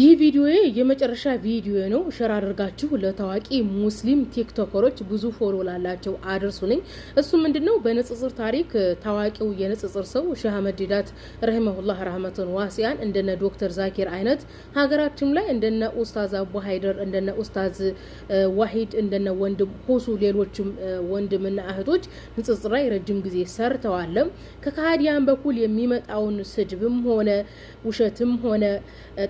ይህ ቪዲዮ የመጨረሻ ቪዲዮ ነው። ሸር አድርጋችሁ ለታዋቂ ሙስሊም ቲክቶከሮች ብዙ ፎሎ ላላቸው አድርሱ ነኝ። እሱ ምንድን ነው? በንጽጽር ታሪክ ታዋቂው የንጽጽር ሰው ሸህ አህመድ ዲዳት ረሂመሁላህ ዋሲያን እንደነ ዶክተር ዛኪር አይነት ሀገራችን ላይ እንደነ ኡስታዝ አቡ ሀይደር እንደነ ኡስታዝ ዋሂድ እንደነ ወንድም ሁሱ ሌሎችም ወንድምና እህቶች ንጽጽር ላይ ረጅም ጊዜ ሰርተዋለም። ከካህዲያን በኩል የሚመጣውን ስድብም ሆነ ውሸትም ሆነ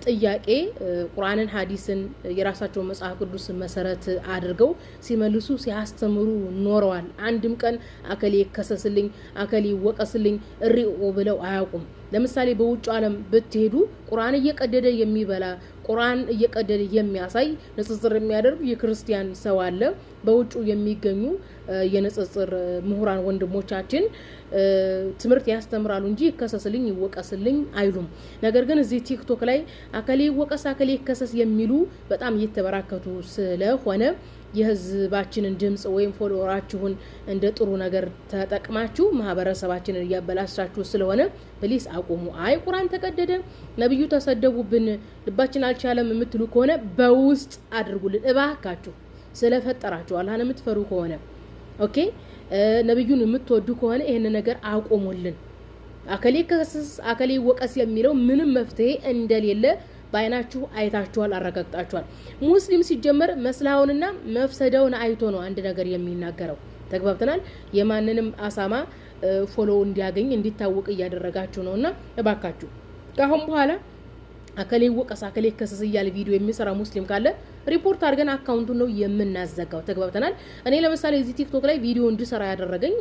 ጥያቄ ጥያቄ ቁርአንን፣ ሀዲስን የራሳቸውን መጽሐፍ ቅዱስ መሰረት አድርገው ሲመልሱ ሲያስተምሩ ኖረዋል። አንድም ቀን አከሌ ይከሰስልኝ፣ አከሌ ይወቀስልኝ፣ እሪኦ ብለው አያውቁም። ለምሳሌ በውጭ ዓለም ብትሄዱ ቁርአን እየቀደደ የሚበላ ቁርአን እየቀደደ የሚያሳይ ንጽጽር የሚያደርግ የክርስቲያን ሰው አለ። በውጩ የሚገኙ የንጽጽር ምሁራን ወንድሞቻችን ትምህርት ያስተምራሉ እንጂ ይከሰስልኝ ይወቀስልኝ አይሉም። ነገር ግን እዚህ ቲክቶክ ላይ አከሌ ይወቀስ አከሌ ይከሰስ የሚሉ በጣም እየተበራከቱ ስለሆነ የህዝባችንን ድምፅ ወይም ፎሎወራችሁን እንደ ጥሩ ነገር ተጠቅማችሁ ማህበረሰባችንን እያበላሻችሁ ስለሆነ ፕሊስ አቁሙ። አይ ቁራን ተቀደደ፣ ነብዩ ተሰደቡብን፣ ልባችን አልቻለም የምትሉ ከሆነ በውስጥ አድርጉልን እባካችሁ። ስለፈጠራችሁ አላህን የምትፈሩ ከሆነ ኦኬ፣ ነብዩን የምትወዱ ከሆነ ይህን ነገር አቁሙልን። አከሌ ከስስ አከሌ ወቀስ የሚለው ምንም መፍትሄ እንደሌለ በአይናችሁ አይታችኋል፣ አረጋግጣችኋል። ሙስሊም ሲጀመር መስላውንና መፍሰዳውን አይቶ ነው አንድ ነገር የሚናገረው። ተግባብተናል። የማንንም አሳማ ፎሎ እንዲያገኝ እንዲታወቅ እያደረጋችሁ ነው እና እባካችሁ ከአሁን በኋላ አከሌ ወቀስ አከሌ ከሰስ እያለ ቪዲዮ የሚሰራ ሙስሊም ካለ ሪፖርት አድርገን አካውንቱን ነው የምናዘጋው። ተግባብተናል። እኔ ለምሳሌ እዚህ ቲክቶክ ላይ ቪዲዮ እንድሰራ ያደረገኝ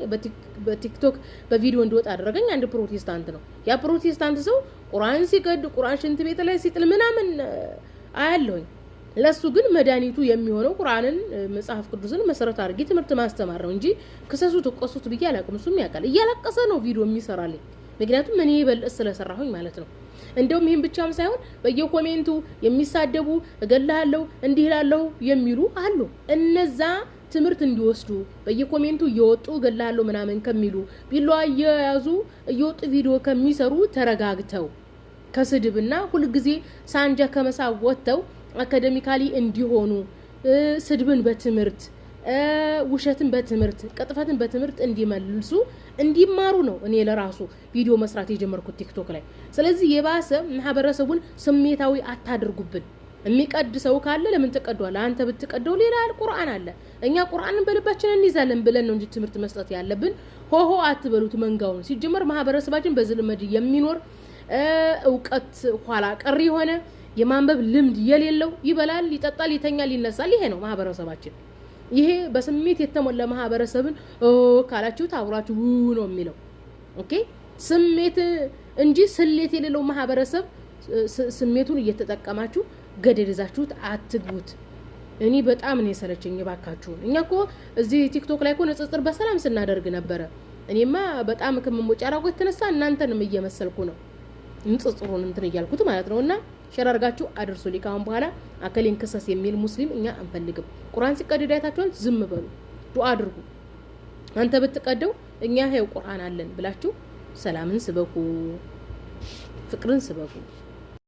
በቲክቶክ በቪዲዮ እንድወጣ ያደረገኝ አንድ ፕሮቴስታንት ነው። ያ ፕሮቴስታንት ሰው ቁርአን ሲቀድ ቁርአን ሽንት ቤት ላይ ሲጥል ምናምን አያለሁኝ። ለሱ ግን መድኃኒቱ የሚሆነው ቁርአንን መጽሐፍ ቅዱስን መሰረት አድርጌ ትምህርት ማስተማር ነው እንጂ ክሰሱት ወቀሱት ብዬ አላቅም። እሱም ያውቃል። እያለቀሰ ነው ቪዲዮ የሚሰራልኝ፣ ምክንያቱም እኔ በልጥ ስለሰራሁኝ ማለት ነው። እንደውም ይህም ብቻም ሳይሆን በየኮሜንቱ የሚሳደቡ እገላለሁ እንዲህ እላለሁ የሚሉ አሉ። እነዛ ትምህርት እንዲወስዱ በየኮሜንቱ እየወጡ እገላለሁ ምናምን ከሚሉ ቢላዋ እየያዙ እየወጡ ቪዲዮ ከሚሰሩ ተረጋግተው ከስድብና ሁልጊዜ ሳንጃ ከመሳብ ወጥተው አካደሚካሊ እንዲሆኑ ስድብን በትምህርት ውሸትን በትምህርት ቅጥፈትን በትምህርት እንዲመልሱ እንዲማሩ ነው እኔ ለራሱ ቪዲዮ መስራት የጀመርኩት ቲክቶክ ላይ። ስለዚህ የባሰ ማህበረሰቡን ስሜታዊ አታድርጉብን። የሚቀድ ሰው ካለ ለምን ተቀዷል? አንተ ብትቀደው ሌላ ቁርአን አለ። እኛ ቁርአንን በልባችን እንይዛለን ብለን ነው እንጂ ትምህርት መስጠት ያለብን። ሆሆ አትበሉት መንጋውን። ሲጀመር ማህበረሰባችን በዝልመድ የሚኖር እውቀት ኋላ ቀር የሆነ የማንበብ ልምድ የሌለው ይበላል፣ ይጠጣል፣ ይተኛል፣ ይነሳል። ይሄ ነው ማህበረሰባችን። ይሄ በስሜት የተሞላ ማህበረሰብን ካላችሁት ታውራችሁ ውው ነው የሚለው። ኦኬ ስሜት እንጂ ስሌት የሌለው ማህበረሰብ ስሜቱን እየተጠቀማችሁ ገደል ይዛችሁት አትግቡት። እኔ በጣም ነው የሰለቸኝ። ባካችሁ እኛ እኮ እዚህ ቲክቶክ ላይ እኮ ንጽጽር በሰላም ስናደርግ ነበረ። እኔማ በጣም ከመሞጫራው የተነሳ እናንተንም እየመሰልኩ ነው ንጽጽሩን እንትን እያልኩት ማለት ነው እና ሸር አርጋችሁ አድርሱ። ሊካሁን በኋላ አከሌን ክሰስ የሚል ሙስሊም እኛ አንፈልግም። ቁርአን ሲቀደድ አይታችኋል። ዝም በሉ፣ ዱአ አድርጉ። አንተ ብትቀደው እኛ ሄው ቁርአን አለን ብላችሁ ሰላምን ስበኩ፣ ፍቅርን ስበኩ።